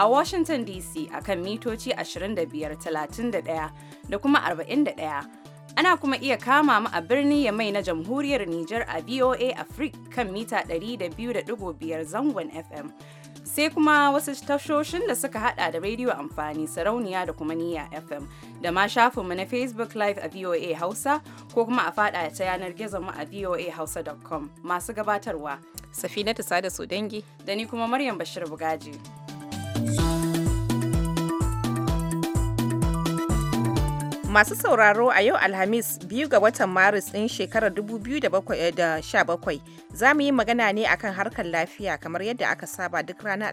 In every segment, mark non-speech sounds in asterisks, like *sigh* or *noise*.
a Washington DC a kan mitoci 25,31 da kuma 41. Ana kuma iya kama mu a birnin mai na Jamhuriyar Nijar a VOA Africa kan mita 200.5 zangon FM. Sai kuma wasu tashoshin da suka hada da rediyo amfani sarauniya da kuma niyya FM da ma shafinmu na Facebook Live a VOA Hausa ko kuma a fada ta yanar gizon mu a voahausa.com masu gabatarwa. Safinatu Sada Sodangi. Da ni kuma Maryam Bashir Bugaji. Masu sauraro a yau Alhamis biyu ga watan Maris ɗin shekarar 2017 eh, za mu yi magana ne akan harkar lafiya kamar yadda aka saba duk ranar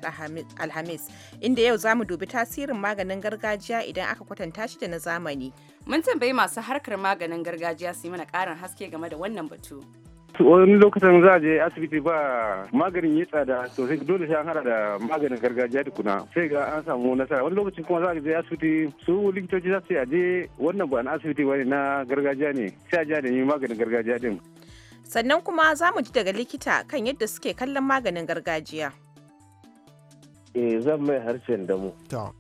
Alhamis inda yau za mu dubi tasirin maganin gargajiya idan aka kwatanta shi da na zamani. Mun tambayi masu harkar maganin gargajiya su yi mana ƙarin haske game da wannan batu. wani lokacin za a je asibiti ba maganin ya tsada sosai dole sai an hada da maganin gargajiya kuna sai ga an samu nasara wani lokacin kuma za a je asibiti su likitoci za su yi aje wannan ba na asibiti ba na gargajiya ne sai a je da ni maganin gargajiya din sannan kuma za mu ji daga likita kan yadda suke kallon maganin gargajiya. eh zan mai harshen damu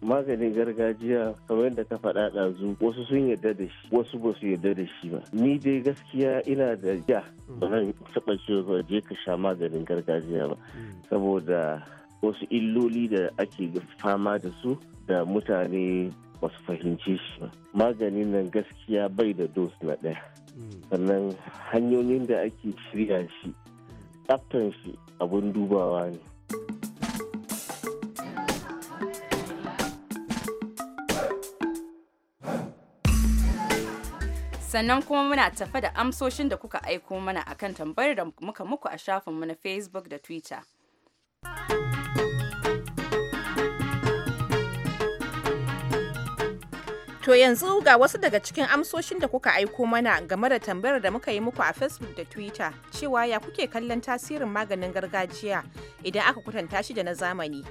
maganin gargajiya kamar yadda ka faɗa ɗazu wasu sun yarda da shi wasu ba su yarda da shi ba ni dai gaskiya ina da ja hmm. ba zan taɓa cewa je ka sha maganin gargajiya ba hmm. saboda wasu illoli da ake fama da su da mutane ba su fahimci shi ba maganin nan gaskiya bai da dos na ɗaya hmm. sannan hanyoyin da ake shirya shi tsaftan shi abin dubawa ne sannan kuma muna tafa da amsoshin da kuka aiko mana akan tambayar da muka muku a shafinmu na facebook da twitter To yanzu ga wasu daga cikin amsoshin da kuka aiko mana game da tambayar da muka yi muku a Facebook da Twitter cewa ya kuke kallon tasirin maganin gargajiya idan aka kwatanta shi da na zamani.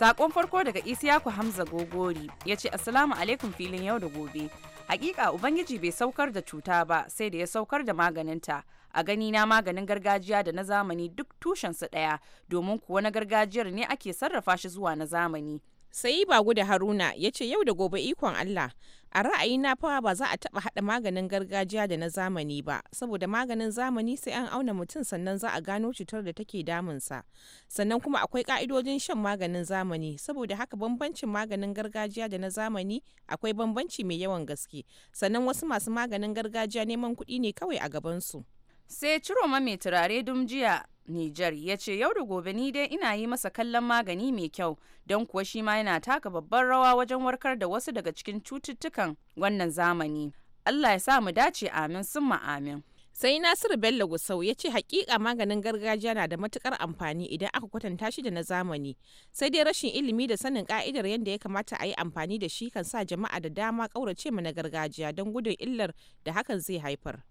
Sakon farko daga Isiyaku Hamza Gogori ya ce Assalamu alaikum filin yau da gobe. Hakika Ubangiji bai saukar da cuta ba sai da ya saukar da maganinta. A gani na maganin gargajiya da na zamani duk tushensu ɗaya domin kuwa na gargajiyar ne ake sarrafa shi zuwa na zamani. sai ba da haruna ya ce yau da gobe ikon allah a ra'ayina fa ba za a taba hada maganin gargajiya da na zamani ba saboda maganin zamani sai an auna mutum sannan za a gano cutar da take damunsa sannan kuma akwai ka'idojin shan maganin zamani saboda haka bambancin maganin gargajiya da na zamani akwai bambanci mai yawan gaske sannan wasu masu maganin gargajiya neman kuɗi ne kawai a gabansu. sai ciroma mai turare dumjiya Nijar ya ce yau da gobe ni dai ina yi masa kallon magani mai kyau don kuwa shi ma yana taka babban rawa wajen warkar da wasu daga cikin cututtukan wannan zamani. Allah ya sa mu dace amin summa amin. sai nasiru bello gusau ya ce hakika maganin gargajiya na da matukar amfani idan aka kwatanta shi da na zamani sai dai rashin ilimi da sanin ka'idar yadda ya kamata a yi amfani da shi kan sa jama'a da dama kaurace ma na gargajiya don gudun illar da hakan zai haifar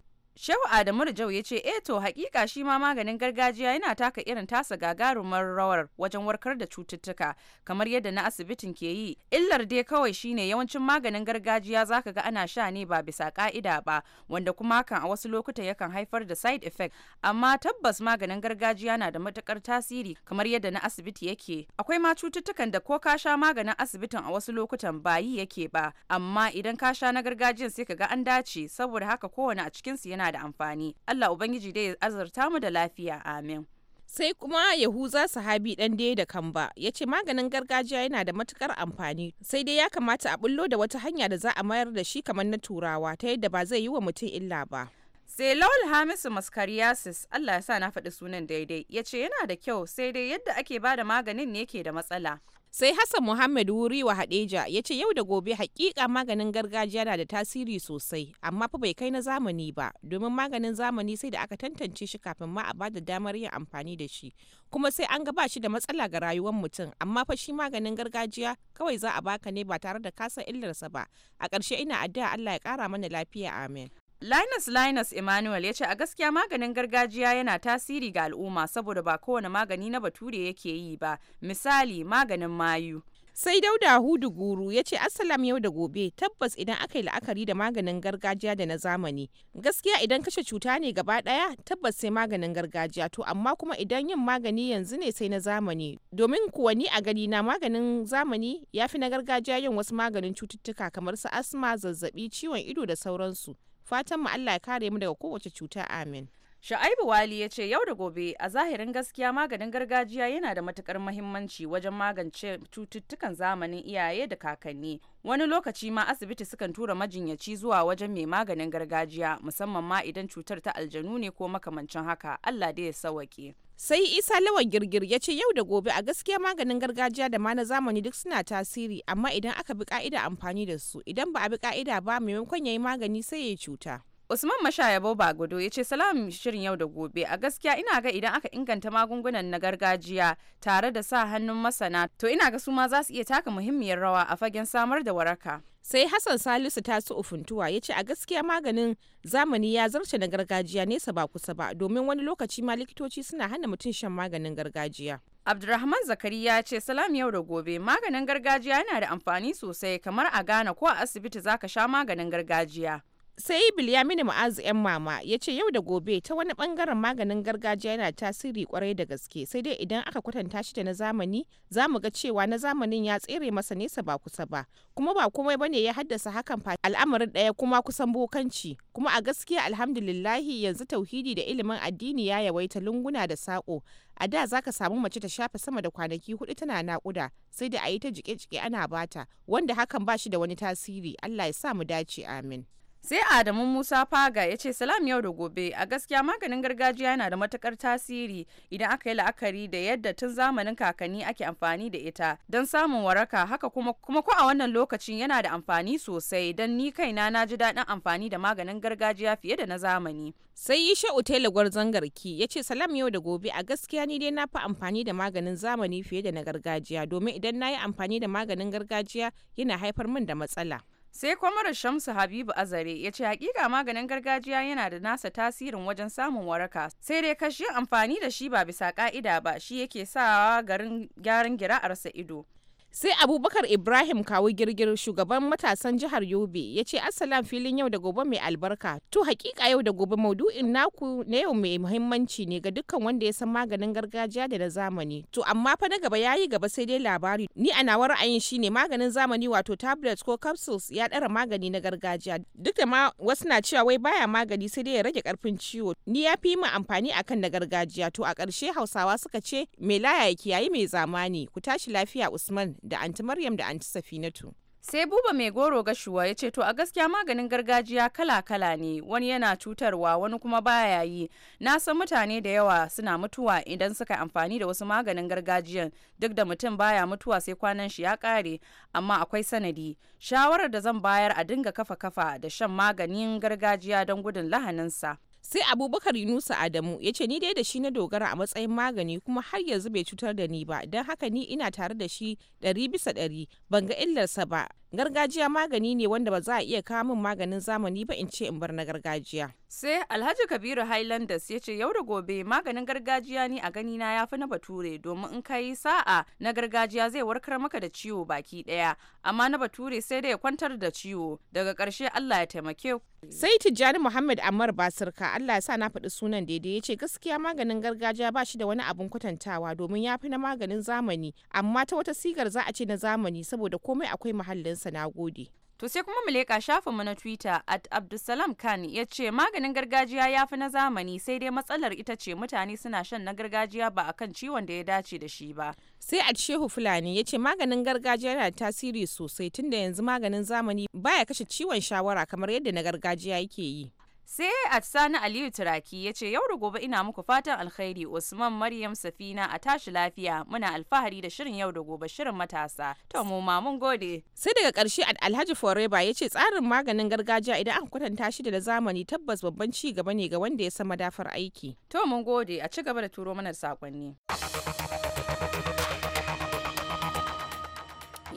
Shehu Adamu Rajau ya ce e to hakika shi ma maganin gargajiya yana taka irin tasa gagarumar rawar wajen warkar da cututtuka kamar yadda na asibitin ke yi. Illar dai kawai shine yawancin maganin gargajiya zaka ga ana sha ne ba bisa ka'ida ba wanda kuma kan a wasu lokuta yakan haifar da side effect amma tabbas maganin gargajiya na da matukar tasiri kamar yadda na asibiti yake. Akwai ma cututtukan da ko ka sha maganin asibitin a wasu lokutan ba yi yake ba amma idan ka sha na gargajiyan sai ka ga an dace saboda haka kowane a cikinsu yana da amfani Allah ubangiji dai azurta mu da lafiya amin sai kuma yahuza sahabi dan dai da kamba ya ce maganin gargajiya yana da matukar amfani sai dai ya kamata a bullo da wata hanya da za a mayar da shi kamar na turawa ta yadda ba zai yi wa mutum illa ba sai lawal hamisu mascariasis allah ya sa na faɗi sunan daidai ya ce yana da kyau sai dai yadda ake ba da maganin ne ke da matsala sai hassan muhammad wuri wa hadeja ya ce yau da gobe hakika maganin gargajiya na da tasiri sosai amma fa bai kai na zamani ba domin maganin zamani sai da aka tantance shi kafin ma a ba da damar yin amfani da shi kuma sai an gaba shi da matsala ga rayuwar mutum amma fa shi maganin gargajiya kawai za a baka ne ba tare da kasa illarsa ba a ƙarshe ina addu'a allah ya ƙara mana lafiya amin Linus Linus Emmanuel ya ce a gaskiya maganin gargajiya yana tasiri ga al'umma saboda ba kowane magani na bature yake yi ba misali maganin mayu. Sai Dauda Hudu Guru ya ce Assalam yau da gobe tabbas idan aka yi la'akari da maganin gargajiya da na zamani. Gaskiya idan kashe cuta ne gaba daya tabbas sai maganin gargajiya to amma kuma idan yin magani yanzu ne sai na zamani. Domin kuwa a gani na maganin zamani ya fi na gargajiya yin wasu maganin cututtuka kamar su asma, zazzabi, ciwon ido da sauransu. fatan mu Allah ya kare mu daga kowace cuta amin Sha'aibu Wali ya ce yau da gobe a zahirin gaskiya maganin gargajiya yana da matukar mahimmanci wajen magance cututtukan zamanin iyaye da kakanni. Wani lokaci ma asibiti sukan tura majinyaci zuwa wajen mai maganin gargajiya musamman ma idan cutar ta aljanu ne ko makamancin haka Allah dai ya sawake. sai isa lawan girgir ya ce yau da gobe a gaskiya maganin gargajiya da ma na zamani duk suna tasiri amma idan aka bi ka'ida amfani da su idan ba a bi ka'ida ba maimakon ya yi magani sai ya cuta Usman Mashaya Boba Gudu ya ce salam shirin yau da gobe a gaskiya ina ga idan aka inganta magungunan na gargajiya tare da sa hannun masana to ina ga su ma za su iya taka muhimmiyar rawa a fagen samar da waraka. Sai Hassan Salisu ta su ufuntuwa ya ce a gaskiya maganin zamani ya zarce na gargajiya nesa ba kusa ba domin wani lokaci ma likitoci suna hana mutum shan maganin gargajiya. Abdulrahman Zakari ya ce salam yau da gobe maganin gargajiya yana da amfani sosai kamar a gane ko a asibiti zaka sha maganin gargajiya. sai mini ma'azu yan mama ya ce yau da gobe ta wani bangaren maganin gargajiya yana tasiri kwarai da gaske sai dai idan aka kwatanta shi da na zamani za mu ga cewa na zamanin ya tsere masa nesa ba kusa ba kuma ba komai ba ne ya haddasa hakan fa al'amarin ɗaya kuma kusan bokanci kuma a gaskiya alhamdulillahi yanzu tauhidi da ilimin addini ya yawaita lunguna da sako a da za ka samu mace ta shafe sama da kwanaki hudu tana naƙuda sai da a yi ta jike-jike ana bata wanda hakan ba shi da wani tasiri allah ya sa mu dace amin sai adamu musa faga ya ce salam yau da gobe a gaskiya maganin gargajiya yana da matukar tasiri idan aka yi la'akari da yadda tun zamanin kakanni ake amfani da ita don samun waraka haka kuma kuma ko a wannan lokacin yana da amfani sosai don ni kaina na ji daɗin amfani da maganin gargajiya fiye da na zamani sai yi isha utela gwarzon garki ya ce salam yau da gobe a gaskiya ni dai na fi amfani da maganin zamani fiye da na gargajiya domin idan na yi amfani da maganin gargajiya yana haifar min da matsala sai kwamarar shamsu habibu azare ya ce hakika maganin gargajiya yana da nasa tasirin wajen samun waraka sai dai kashi amfani da shi ba bisa ka'ida ba shi yake sawa garin gyaran gira'arsa ido sai abubakar ibrahim kawu girgir shugaban matasan jihar yobe ya ce assalam filin yau da gobe mai albarka to hakika yau da gobe maudu'in naku na yau mai muhimmanci ne ga dukkan wanda ya san maganin gargajiya da na zamani to amma fa na gaba ya yi gaba sai dai labari ni a nawa ra'ayin shine maganin zamani wato tablet ko capsules ya ɗara magani na gargajiya duk da ma wasu na cewa wai baya magani sai dai ya rage karfin ciwo ni ya fi mu amfani akan na gargajiya to a ƙarshe hausawa suka ce mai laya ya kiyayi mai zamani ku tashi lafiya usman da anti Maryam da anti Safinatu. sai buba mai goro gashuwa ya ce to a gaskiya maganin gargajiya kala-kala ne wani yana cutarwa wani kuma baya yi na san mutane da yawa suna mutuwa idan suka amfani da wasu maganin gargajiyan duk da mutum baya mutuwa sai kwanan shi ya kare amma akwai sanadi shawarar da zan bayar a dinga kafa-kafa da shan maganin gargajiya don gudun lahaninsa sai abubakar yunusa adamu ya ce ni dai da shi na dogara a matsayin magani kuma har yanzu bai cutar da ni ba don haka ni ina tare da shi ɗari bisa ɗari ban ga illarsa ba gargajiya magani ne wanda ba za a iya kawo min maganin zamani ba in ce in bar na gargajiya. Sai Alhaji Kabiru Highlanders ya ce yau da gobe maganin gargajiya ne a ganina ya fi na bature domin in ka yi sa'a na gargajiya zai warkar maka da ciwo baki daya amma na bature sai dai ya kwantar da ciwo daga karshe Allah ya taimake Sai Tijjani Muhammad Ammar Basirka Allah ya sa na faɗi sunan daidai ya ce gaskiya maganin gargajiya ba shi da wani abun kwatantawa domin ya fi na maganin zamani amma ta wata sigar za a ce na zamani saboda komai akwai muhallin sa na gode. To sai kuma mu leƙa mu na Twitter at Abdulsalam Khan ya ce maganin gargajiya ya fi na zamani sai dai matsalar ita ce mutane suna shan na gargajiya ba a kan ciwon da ya dace da shi ba. Sai a Shehu Fulani ya ce maganin gargajiya yana tasiri sosai tunda yanzu maganin zamani baya kashe ciwon shawara kamar yadda na gargajiya yake yi. sai a sani aliyu turaki ya ce yau da gobe ina muku fatan alkhairi usman maryam safina a tashi lafiya muna alfahari da shirin yau da gobe shirin matasa to mu ma mun gode sai daga karshe alhaji foreba ya ce tsarin maganin gargajiya idan aka kwatanta shi da zamani tabbas babban ci gaba ne ga wanda ya sama madafar aiki to mun gode a ci gaba da turo mana sakonni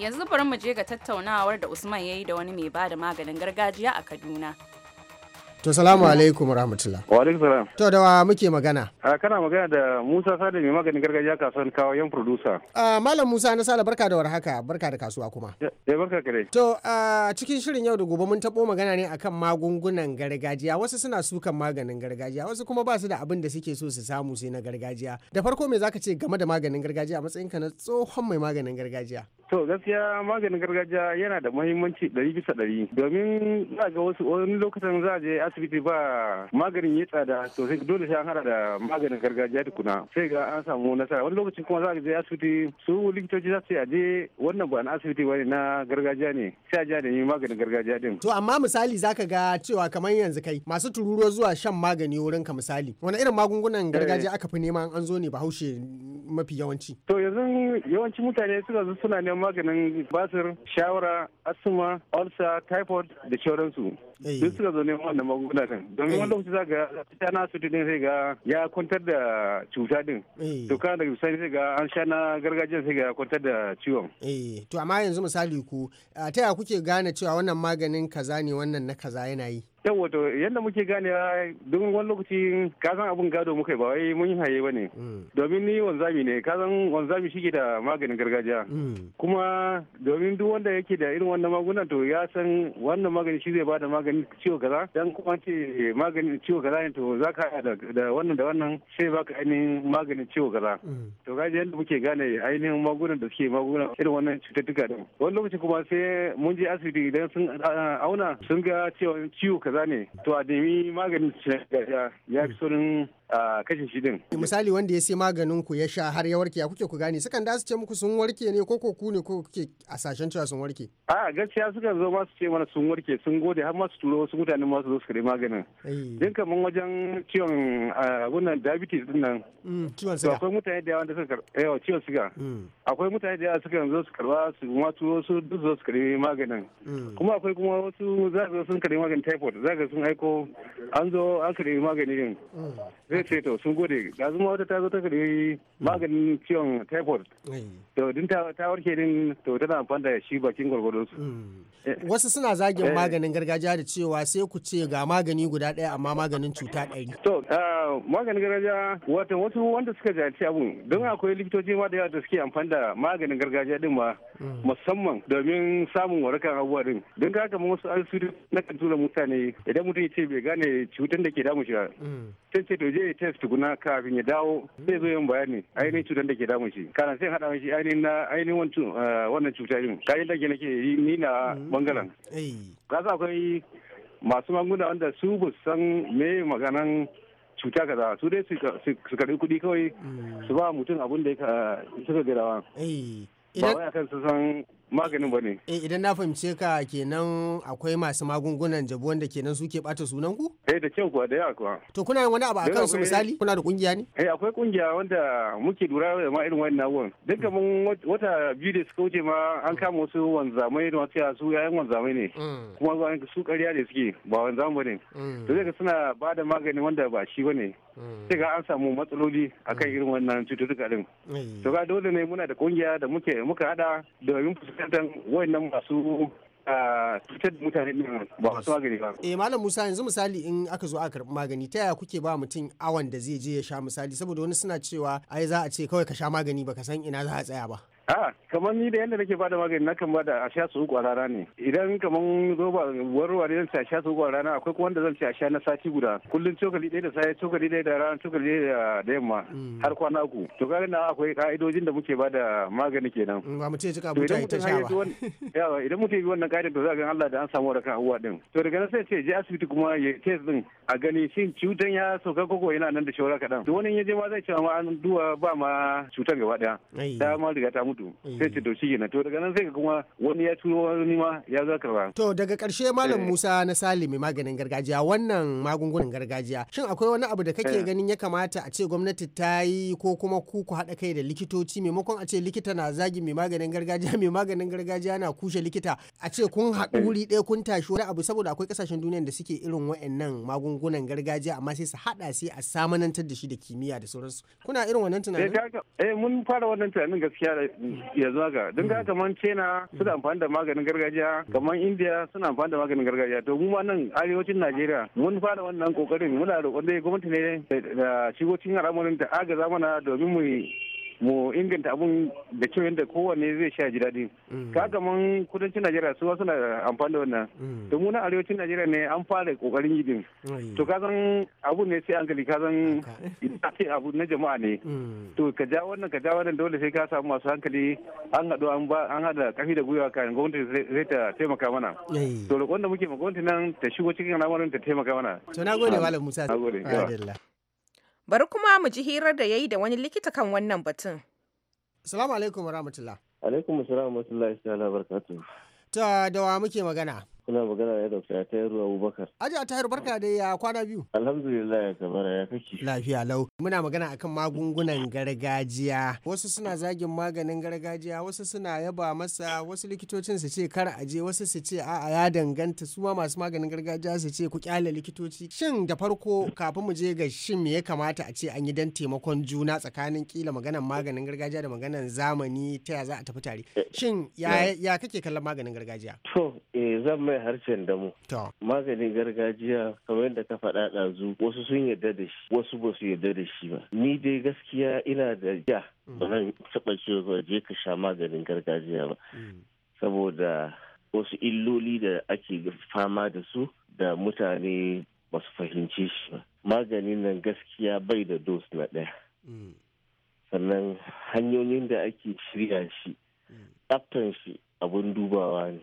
yanzu bari mu je ga tattaunawar da usman ya yi da wani mai ba da maganin gargajiya a kaduna To salamu alaikum rahmatullah. Wa alaikum salam. To da wa muke magana? kana magana da Musa Sale mai maganin gargajiya kasuwar kawo yan producer. Uh, Malam Musa na Sale barka da warhaka barka da kasuwa kuma. Ya barka kare. To uh, cikin shirin yau da gobe mun tabo magana ne akan magungunan gargajiya wasu suna sukan maganin gargajiya wasu kuma ba su da abin da suke so su samu sai na gargajiya. Da farko me zaka ce game da maganin gargajiya a matsayinka na tsohon mai maganin gargajiya? To gaskiya maganin gargajiya yana da muhimmanci dari bisa dari. domin za ga wasu wani lokacin za je asibiti ba maganin ya tsada sosai dole sai an hada da maganin gargajiya tukuna sai ga an samu nasara wani lokacin kuma za a je asibiti su likitoci za su je wannan ba na asibiti bane na gargajiya ne sai a je da maganin gargajiya din. To amma misali za ka ga cewa kamar yanzu kai masu tururo zuwa shan magani wurin ka misali wani irin magungunan gargajiya eh. aka fi neman an zo ne bahaushe mafi yawanci. To yanzu yawanci mutane suka zo suna neman maganin basir shawara asuma, ulcer typhoid da sauransu duk suka zo neman wannan magunguna kan domin wani lokaci za ga ta na su din sai ga ya kwantar da cuta din to kana daga bisani sai ga an sha na gargajiya sai ga kwantar da ciwon to amma yanzu misali ku ta ya kuke gane cewa wannan maganin kaza ne wannan na kaza yana yi yawa to yadda muke ganewa domin wani lokaci kasan abin gado muka ba wai mun haye ba ne mm. domin ni wanzami ne kasan wanzami shi da maganin gargajiya mm. kuma domin duk wanda yake da irin wannan magunan to ya san wannan magani shi zai bada maganin ciwo kaza dan kuma ce maganin ciwo kaza ne to za ka da wannan da wannan sai baka ainihin maganin ciwo kaza mm. to gaji yadda muke gane ainihin magunan da suke magunan irin wannan cututtuka din wani lokaci kuma sai mun je asibiti idan sun auna sun ga cewa ciwo kaza kaza ne to a nemi maganin cikin ya fi saurin kashe shi din. Misali wanda ya sai maganin ku ya sha har ya warke ya kuke ku gane sukan da su ce muku sun warke ne ko ku ne ko kuke a sashen cewa sun warke. A gaskiya sukan zo ma su ce mana sun warke sun gode har masu su turo wasu mutane masu zo su kare maganin. Eh. Din kamar wajen ciwon wannan diabetes din nan. Mm, ciwon siga. Akwai mutane da yawa da suka yawa eh, ciwon siga. Mm. Akwai mutane da yawa suka zo su karɓa su ma turo su duk zo su kare maganin. Mm. Kuma akwai kuma wasu za su sun kare maganin typhoid za ka sun aiko an zo an kare maganin zai ce to sun gode ga zuma wata ta zo ta kare maganin ciwon typhoid to din ta warke din to tana amfani da shi bakin gwargwado su wasu suna zagin maganin gargajiya da cewa sai ku ce ga magani guda daya amma maganin cuta ɗari to maganin gargajiya wato wasu wanda suka jahilci abun don akwai likitoci ma da yawa da suke amfani da maganin gargajiya din ma musamman domin samun warakan abubuwa din don haka mun wasu alsu na kan tura mutane idan mutum ya ce bai gane cutar da ke damu shi ba sai ce to je zai test tukuna kafin ya dawo zai zo yin bayani ainihin cutar da ke damun shi kana sai hada shi ainihin eh, wannan cuta din kayan da ke nake yi ni na mm. bangaren kasa akwai masu manguna wanda su ba san me maganan cuta kaza su dai su karɓi kudi kawai mm. su ba mutum abin da eh, suka gada ba wai akan su san maganin ba ne. Eh idan na fahimce ka kenan akwai masu magungunan jabu wanda kenan suke bata sunan ku? Eh da kyau kuwa da yawa kuwa. To kuna yin wani abu akan su misali kuna da kungiya ne? Eh akwai kungiya wanda muke lura da ma irin wannan abubuwan. Duka mun mm. wata biyu da suka wuce ma an kama wasu wanzamai da wasu su yayan wanzamai ne. Mm. Kuma su karya ne suke ba wanzamai ba ne. Mm. To zai suna ba da magani wanda ba shi ba ne. Mm. sai ga an samu matsaloli a akan mm. irin wannan cututtuka din to ga dole ne muna da kungiya da muke muka hada domin fuskantar wayannan masu ah, cutar da mutane din ba su magani ba eh malam Musa yanzu misali in aka zo aka karbi magani ta yaya kuke ba mutum awan da zai je ya sha misali saboda wani suna cewa ai za a ce kawai ka sha magani baka san ina za a tsaya ba a kamar ni da yadda nake bada magani na kan bada a sha su uku a rana ne idan kamar roba warwa ne zan ci a sha su uku a rana akwai kuma wanda zan ce a sha na sati guda kullum cokali ɗaya da sai cokali ɗaya da rana cokali ɗaya da yamma mm. har kwana uku to ga na akwai ka'idojin da muke bada magani kenan mm, ba mu ce mu buta ita sha ba *laughs* yawa idan mutum ya bi wannan ka'idan to za ga Allah da an samu waraka huwa din to daga nan sai ce je asibiti kuma ya test din a gani shin cutan ya sauka koko yana nan da shawara kaɗan to wani ya je ma zai ce ma an duwa ba ma cutan gaba ɗaya da ma riga ta mutu mm. sai ce to shi to daga nan sai ka kuma wani ya turo wani ma ya ka karba to daga karshe malam eh. Musa na Salimi maganin gargajiya wannan magungunan gargajiya shin akwai wani abu da kake eh. ganin ya kamata a ce gwamnati ta yi ko kuma ku ku haɗa kai da likitoci maimakon a ce likita na zagi mai maganin gargajiya *laughs* mai maganin gargajiya na kushe likita a ce kun haɗu eh. wuri ɗaya kun tashi wani abu saboda akwai ƙasashen duniya da suke irin wa'annan magungunan gargajiya amma sai su haɗa sai a samanantar da shi da kimiyya da sauransu kuna irin wannan tunanin eh mun fara wannan tunanin gaskiya yanzu haka don ga mm. kamar china suna mm. amfani da maganin gargajiya kamar india suna amfani da maganin gargajiya to mu ma nan arewacin najeriya mun fara wannan kokarin muna da dai gwamnati ne da shigocin al'amarin ta agaza mana domin mu mu inganta abun da cewa da kowane zai sha ji daɗi mm. ka kaman kudancin najeriya su suna amfani da wannan mm. to mu na arewacin najeriya ne an fara kokarin yi to ka san abun ne sai gani ka san idan ce abu na jama'a ne mm. to ka ja wannan ka ja wannan dole sai ka samu masu hankali an haɗu an ba an hada kafi da gwiwa kan gwamnati zai ta taimaka mana to roƙon da muke ma gwamnati nan ta shigo cikin al'amarin ta taimaka mana to gode malam musa nagode Bari kuma mu ji hirar da ya yi da wani likita kan wannan batun. Salamu alaikum rahmatullah. Alaikum salam warahmatullahi ta'ala Ta da wa muke magana? kuna magana da Dr. Tahiru Abubakar. a Tahiru barka da ya kwana biyu. Alhamdulillah ya ya kake. Lafiya lau. Muna magana akan magungunan gargajiya. Wasu suna zagin maganin gargajiya, wasu suna yaba masa, wasu likitocin su ce kar aje, wasu su ce a'a ya danganta su ma masu maganin gargajiya su ce ku kyale likitoci. Shin da farko kafin mu je ga shin me ya kamata a ce an yi dan taimakon juna tsakanin kila maganan maganin gargajiya da maganan zamani ta ya za a tafi tare. Eh, shin eh. ya kake kallon maganin gargajiya? To zan mai harshen damu maganin gargajiya kamar yadda ka faɗa ɗazu wasu sun yarda da shi wasu ba su yarda da shi ba ni dai gaskiya ina da ja mm. ba zan taɓa cewa je ka sha maganin gargajiya ba mm. saboda wasu illoli da ake fama da su da mutane ba su fahimci shi ba maganin nan gaskiya bai da dos na ɗaya mm. sannan hanyoyin da ake shirya shi tsaftan shi abun dubawa ne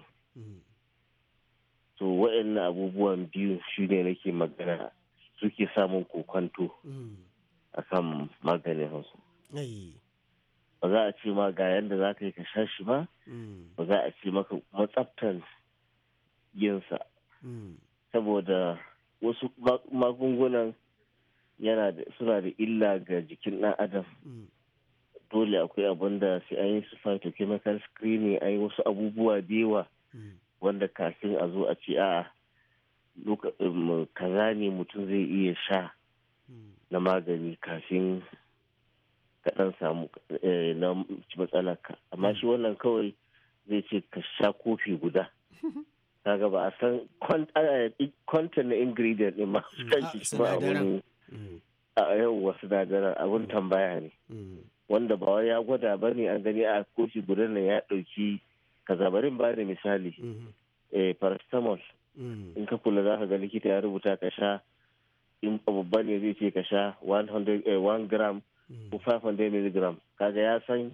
so waɗannan abubuwan biyu shi ne nake magana suke samun kokonto mm. a kan maganin hausa ba za a ce ma ga yadda za ka yi ka sha shi ba mm. ba za a ce maka matsaftan yinsa mm. saboda wasu magungunan yana da suna da illa ga jikin ɗan adam dole akwai abin da sai an yi su kemikal screening an yi wasu abubuwa da yawa wanda kafin a zo a ce a um, kaza ne mutum zai iya sha na magani kafin kaɗan samu eh, na matsala ka amma shi wannan kawai zai ce ka sha kofi guda *laughs* kaga ba a san kwantar na ingredient ne ma su hmm. kan shi kuma ah, a wasu sinadaran hmm. ah, abin tambaya ne hmm. wanda ba ya gwada ba ne an gani a kofi guda na ya ɗauki kaza bari ba da misali e paracetamol mhm. in ka kula za ka ga likita ya rubuta ka sha in babban ne zai ce ka sha 1 eh, gram ko 500 mg kaga ya san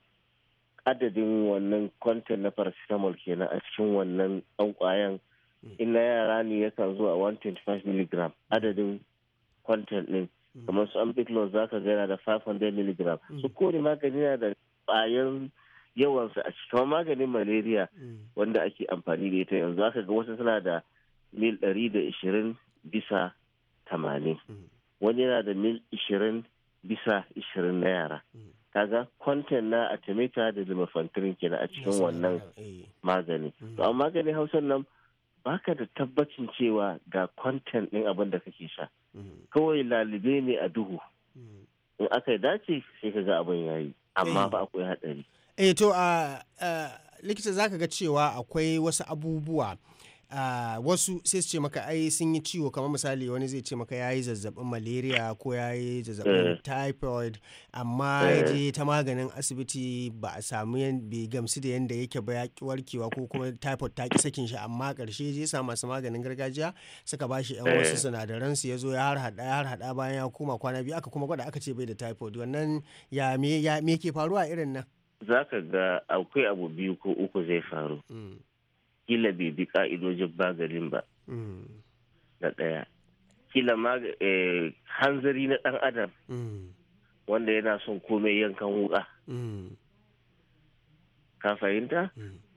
adadin wannan kwantar na paracetamol kenan a cikin wannan ɗan kwayan mhm. in na yara ne ya yakan zuwa 125 mg adadin kwantar ɗin kamar su ambiclone za ka gana da 500 mg su kone magani na da ƙwayan yawansu a cikin maganin malaria wanda ake amfani da ita yanzu aka ga wasu suna da mil ɗari da ishirin bisa tamanin wani yana da mil ishirin bisa ishirin na yara kaga kwantan na atimita da lumefantirin kenan a cikin wannan eh. magani to mm. amma maganin hausa nan baka da tabbacin cewa ga kwantan ɗin abin da kake sha mm. kawai lalube ne a duhu mm. in aka dace sai ka ga abin yayi amma eh. ba a akwai haɗari eh to a likita zaka ga cewa akwai wasu abubuwa Uh, wasu sai su ce maka ai sun yi ciwo kamar misali wani zai ce maka ya yi zazzabin malaria ko ya yi zazzabin eh. typhoid amma ya eh. je ta maganin asibiti ba a samu bai gamsu da yadda yake ba ya warkewa ko kuma typhoid ta ki sakin shi amma karshe je sa masu maganin gargajiya suka bashi yan wasu eh. sinadaran su ya zo ya har hada ya har hada bayan ya koma kwana biyu aka kuma gwada aka ce bai da typhoid wannan ya me ya me ke faruwa irin nan za ka ga akwai abu biyu ko uku zai faru mm. kila bai bi ka'idojin bagarin ba mm. na ɗaya kila ma eh, hanzari na ɗan adam mm. wanda yana son komai yankan wuka ka fahimta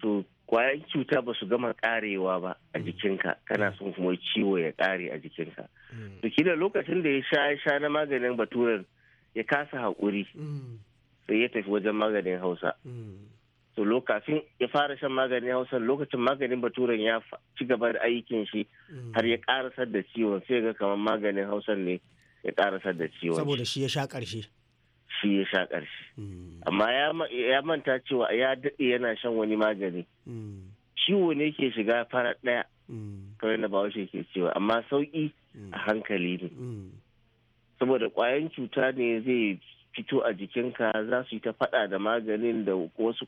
to kwayan cuta ba su gama karewa ba a jikinka kana son kuma ciwo ya kare a jikinka to kila lokacin da ya sha na maganin baturan ya kasa haƙuri sai ya tafi wajen maganin hausa to lokacin ya fara shan maganin hausa lokacin maganin baturen ya ci gaba da aikin shi har ya karasar da ciwon sai ga kamar maganin hausa ne ya karasar da ciwon saboda shi ya sha karshe shi ya sha karshe mm. amma ya manta cewa ya daɗe yana shan wani magani mm. ciwo ne ke shiga fara ɗaya mm. kawai na bahaushe ke cewa amma sauƙi a hankali ne saboda ƙwayan cuta ne zai fito a jikinka za su yi ta faɗa da maganin da wasu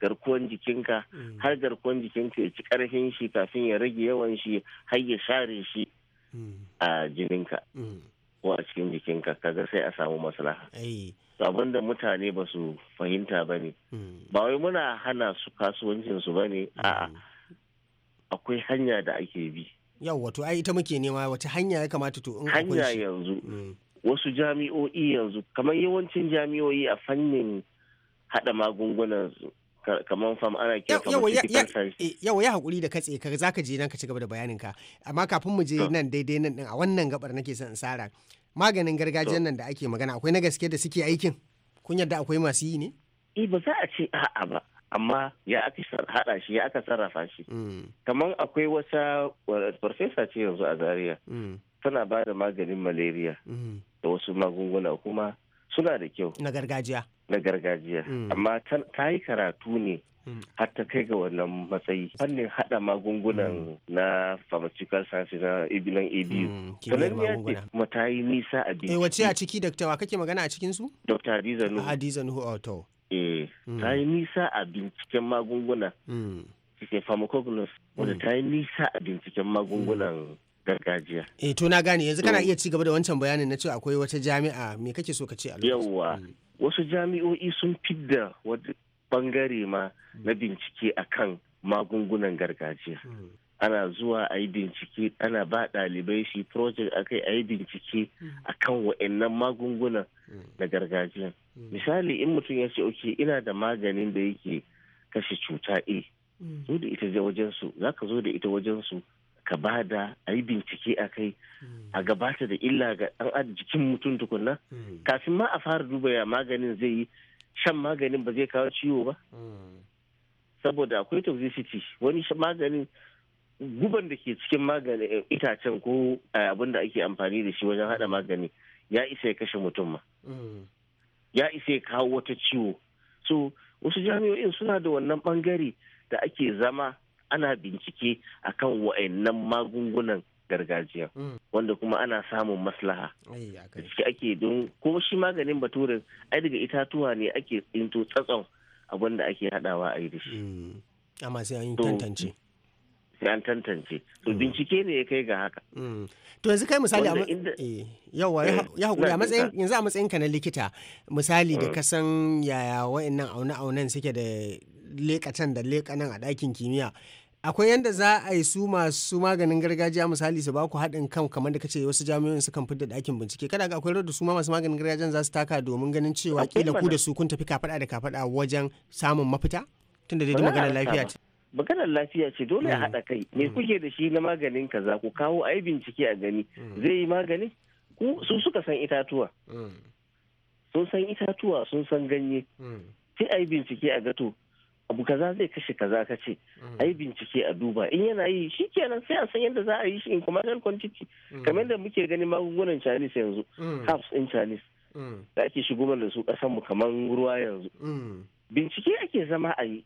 garkuwan jikinka mm. har garkuwan jikinka ya ci ƙarfin shi kafin ya rage yawan shi har ya share shi mm. a jininka mm. ko a cikin jikinka kaga sai a samu maslaha abin da mutane ba su fahimta ba ne ba wai muna hana su kasuwancinsu ba ne a'a akwai hanya da ake bi yau wato ai ita muke nema wata hanya ya kamata to in hanya yanzu wasu jami'o'i yanzu kamar yawancin jami'o'i a fannin hada magungunan kamar fam ana ke kamar yawa ya eh, hakuri da katse ka zaka je nan ka ci gaba da bayanin ka amma kafin mu je nan daidai nan din a wannan gabar nake son in sara maganin gargajiyan nan da ake magana akwai na gaske da suke aikin kun yarda akwai masu yi ne eh ba za a ce a'a ba amma ya aka hada shi ya aka sarrafa shi mm. kamar akwai wata farfesa ce yanzu a zaria mm. tana ba da maganin malaria mm. da wasu magunguna kuma suna da kyau na gargajiya na gargajiya mm. amma ta yi karatu ne mm. har ta kai ga wannan matsayi fannin hada magungunan mm. na pharmaceutical sciences na ibilan abu. sanan ya ce kuma ta yi nisa a biyu eh, wace a ciki dakta wa kake magana a cikin su dr hadiza nuhu hadiza nuhu auto oh, eh ta yi nisa a binciken magunguna cikin pharmacognos wanda ta yi nisa a binciken magungunan gargajiya. e to na gane yanzu kana iya ci gaba da wancan bayanin na cewa akwai wata jami'a me kake so ka ce a lokacin. Yawwa mm. wasu jami'o'i sun fidda wani bangare ma na bincike akan magungunan gargajiya. Mm. Ana zuwa a yi bincike ana ba ɗalibai shi project akai a yi bincike mm. akan wa'annan magungunan na gargajiya. Misali in mutum ya ce oke ina da maganin da yake kashe cuta A. Zo da ita wajensu, za ka zo da ita wajensu ka ba da a yi bincike a kai a gabata da illa ga ɗan jikin mutum tukunna hmm. kafin ma a fara duba ya maganin zai yi shan maganin ba zai kawo ciwo ba hmm. saboda akwai toxicity wani maganin guban da ke cikin maganin eh, itacen ko eh, abin da ake amfani da shi wajen hada magani ya isa ya kashe mutum ma hmm. ya isa ya kawo wata ciwo so wasu jami'o'in suna da wannan bangare da ake zama ana bincike akan wa'annan magungunan gargajiya hmm. wanda kuma ana samun maslaha ciki ake don kuma shi maganin baturin ai daga itatuwa ne ake tsinto tsatson abin da ake hadawa a yi da shi hmm. amma sai an tantance sai an tantance to hmm. bincike ne ya kai ga haka to yanzu kai misali a eh, yawa ya eh, hakuri a matsayin yanzu a matsayin ka na likita misali da kasan yaya wa'annan aune-aunen suke da leka can da leka nan a ɗakin kimiyya akwai yadda za a yi su masu maganin gargajiya misali su baku haɗin kan kamar da kace wasu jami'o'in su kan fidda ɗakin bincike kada ga akwai rawar da su masu maganin gargajiya za su taka domin ganin cewa kila ku da su kun tafi kafaɗa da kafaɗa wajen samun mafita tunda dai maganar lafiya ce maganar lafiya ce dole a hmm. haɗa kai me hmm. kuke da shi na maganin kaza ku kawo ai bincike a gani hmm. zai yi magani ku su suka san itatuwa sun san itatuwa sun san ganye sai ai bincike a gato abu kaza zai kashe kaza ka ce mm. a bincike a duba in yana yi shi kenan sai a san yadda za a yi shi in commercial quantity kamar yadda muke ganin magungunan chinese yanzu mm. herbs in chinese mm. da ake shigo mana da su kasan mu kamar ruwa yanzu bincike ake zama a yi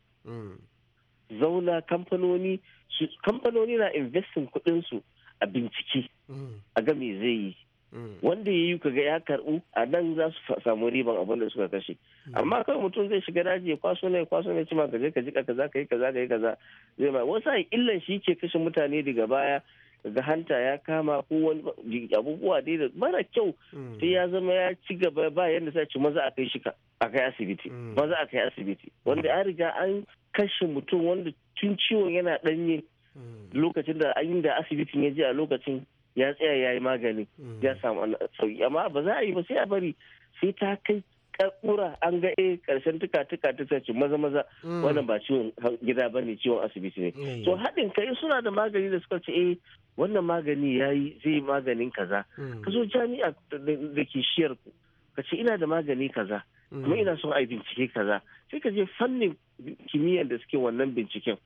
zauna kamfanoni kamfanoni na investin su a bincike a ga me zai yi Mm. wanda ya yi ka ga ya karbu a nan za su samu riban abin da suka kashe mm. amma kawai mutum zai shiga daji ya kwaso ne kwaso ne cima ka je ka jika kaza ka kaza ka kaza zai ma wasu ai illan shi ke kashe mutane daga baya ga hanta ya kama ko wani abubuwa dai da mara kyau mm. sai ya zama ya ci gaba ba yadda sai ci maza a kai shi a kai asibiti maza a kai asibiti wanda an riga an kashe mutum wanda tun ciwon yana danye lokacin da an yi da asibitin ya je a lokacin ya tsaya ya yi magani mm. ya samu sauki amma ba za a yi ba sai a bari sai ta kai kakura an ga eh karshen tuka tuka ta ce maza maza mm. wannan ba ciwon gida ba ne ciwon asibiti ne to haɗin kai suna da magani da suka ce eh wannan magani ya yi zai yi maganin kaza mm. ka zo jami'a da kishiyar ku ka ce ina da magani kaza kuma ina son a yi bincike kaza sai ka je fannin kimiyyar da suke wannan binciken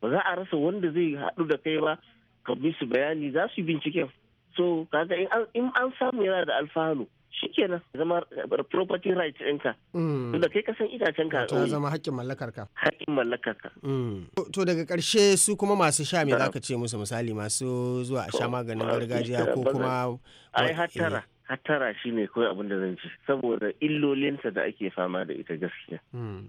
ba za a rasa wanda zai haɗu da kai ba ka su bayani za su yi binciken so kaga in an samu yana da alfanu shikenan zama property right ɗinka. Mm. Tunda kai kasan itacen ka. Ta eh. zama haƙƙin mallakar ka. Haƙƙin mallakar ka. Mm. To daga ƙarshe su kuma masu sha me zaka ce musu misali masu zuwa a sha maganin gargajiya ko kuma. Ai hattara. Eh. Hattara shine kawai abin da zan ci saboda illolinsa da ake fama da ita gaskiya. Mm.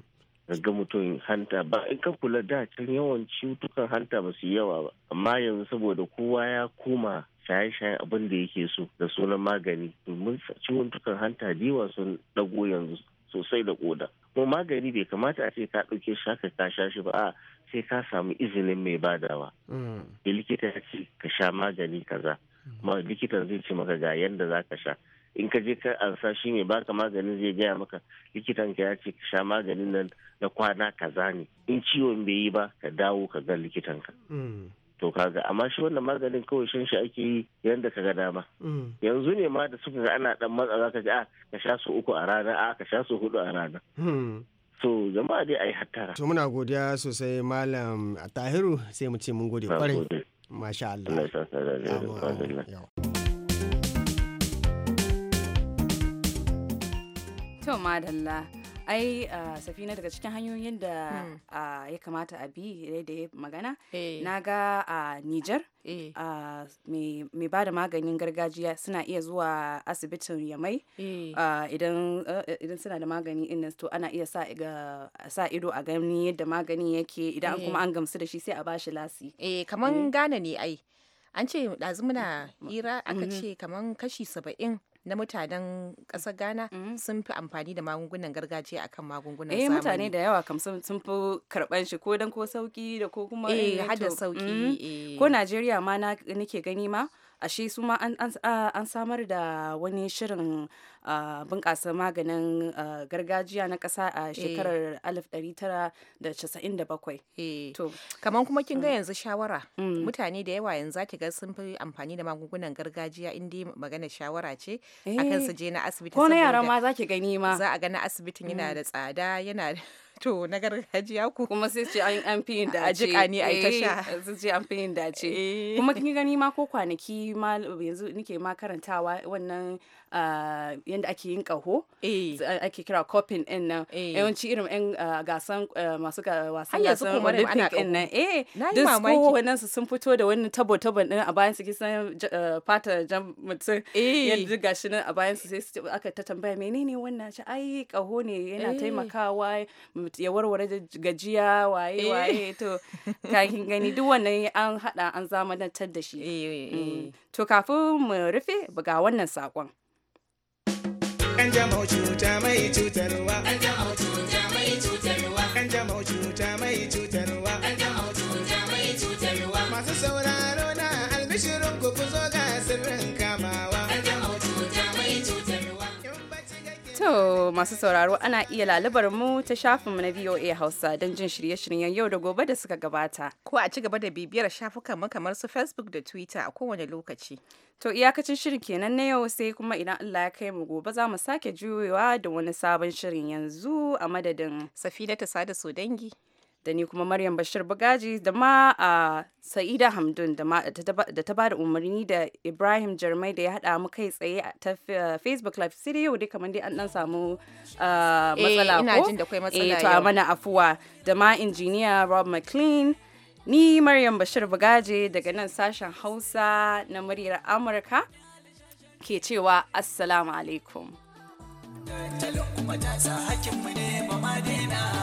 ga mutum hanta ba in ka kula da can yawan cutukan hanta ba su yawa ba amma yanzu saboda kowa ya koma shaye shayen abin da yake so da sunan magani domin ciwon tukan hanta diwa sun dago yanzu sosai da koda kuma magani bai kamata a ce ka ɗauke shi haka ka sha shi ba a sai ka samu izinin mai badawa mm. likita ya ce ka sha magani kaza kuma likitan zai ce maka ga yanda za ka sha in ka je ka ansa shi mai baka maganin zai gaya maka likitan ka ya ce ka sha maganin nan na kwana kaza ne in ciwon bai yi ba ka dawo ka ga likitan mm. ka to kaga amma shi wannan maganin kawai shan shi ake yi yanda ga dama mm. yanzu ne ma da suka ga ana dan matsa zaka a ah, ka sha su uku a rana a ah, ka sha su hudu a rana so mm. jama'a dai ayi hattara to muna godiya sosai malam tahiru sai mu ce mun gode kwarai masha Allah To madalla ai safina daga cikin hanyoyin da hmm. ya kamata a bi da ya magana eh. na ga a Nijar eh. mai ba da maganin gargajiya suna iya zuwa asibitin yamai eh. idan suna da magani inda to ana iya sa ido a gani yadda magani yake idan kuma an gamsu da shi sai a bashi lasi. Eh kaman gane ne ai. An ce ɗazu muna mm. hira aka mm-hmm. ce kaman kashi saba'in na mutanen ƙasar Ghana mm-hmm. sun fi amfani da magungunan gargajiya akan magungunan zamani. Eh mutane da yawa kam sun fi karɓan shi ko dan ko sauki da ko kuma eh, eh hada sauki. Mm-hmm. Eh. Ko Najeriya ma nake gani ma ashe su ma an samar da wani shirin bunƙasa maganin gargajiya na ƙasa a eh. shekarar 1997 eh. kamar kuma kin ga mm. yanzu shawara mm. mutane da yawa yanzu zaki ga sun fi amfani da magungunan gargajiya inda magana shawara ce akan su eh. je na asibiti ko na yara ma zaki gani ma za a ga na asibitin yana mm. da tsada yana da. to na gargajiya ku kuma sai *laughs* eh, ce an fi yin dace a jika ni a ta sha sai ce an fi yin dace kuma kin gani ma ko kwanaki ma yanzu nike ma karantawa wannan ah, yanda ake yin kaho eh. ake kira copin din nan eh. yawanci irin yan ah, gasan masu wasan gasan olympic din nan eh duk wannan su sun fito da wani tabo tabon din a bayan su kisan fata jan mutum yadda gashi nan a bayan su sai aka ta tambaya menene wannan shi ai kaho ne yana taimakawa ya warware da gajiya waye eh. waye to kakin gani duk wannan an hada an zamanantar da shi eh, eh, mm. to kafin mu rufe ga wannan sakon Kanjamau cuta mai cutarwa. Kanjamau cuta mai cutarwa. Kanjamau cuta mai cutarwa. Kanjamau cuta mai cutarwa. Masu sauraro na albishirin ku ku zo To masu sauraro ana iya lalubar mu ta shafinmu na VOA Hausa don jin shirye-shiryen yau da gobe da suka gabata. Ko a ci gaba da bibiyar shafukan mu kamar su Facebook da Twitter a kowane lokaci. To iyakacin shirin kenan na yau sai kuma idan Allah ya kai mu gobe za mu sake juyowa da wani sabon shirin yanzu a madadin. Safina ta sada so dangi. da ni kuma Maryam Bashir Bugaji da ma a Sa'ida Hamdun da ta bada umarni da Ibrahim Jarmai da ya hada mu kai tsaye ta Facebook Live sai yau dai kamar dai an dan samu eh, matsala ko ina jin da kai matsala yau eh, to a mana afuwa da ma engineer Rob McLean ni Maryam Bashir bugaji daga nan sashen Hausa na muryar Amurka ke cewa assalamu alaikum. Talin kuma ta sa hakinmu ne ba ma daina.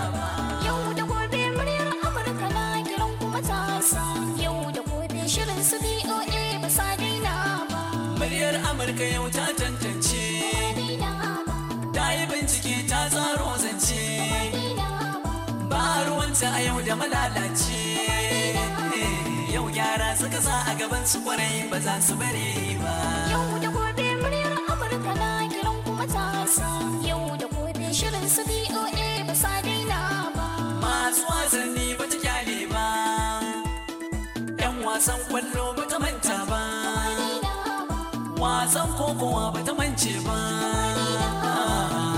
ka yau ta tantance ta yi bincike ta tsaro zance ba ruwanta a yau da malalace yau gyara suka sa a gaban su kwarai ba za su bare ba yau da gobe muryar kiran matasa yau da gobe shirin su ba ba masu wasanni ba ta kyale ba yan wasan kwallo ba ta manta ba wasan kokowa ba ta mance ba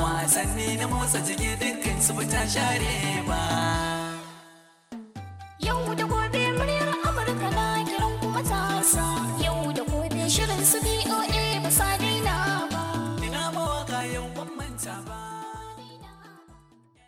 wasanni na motsa jiki dukkan su ba ta share ba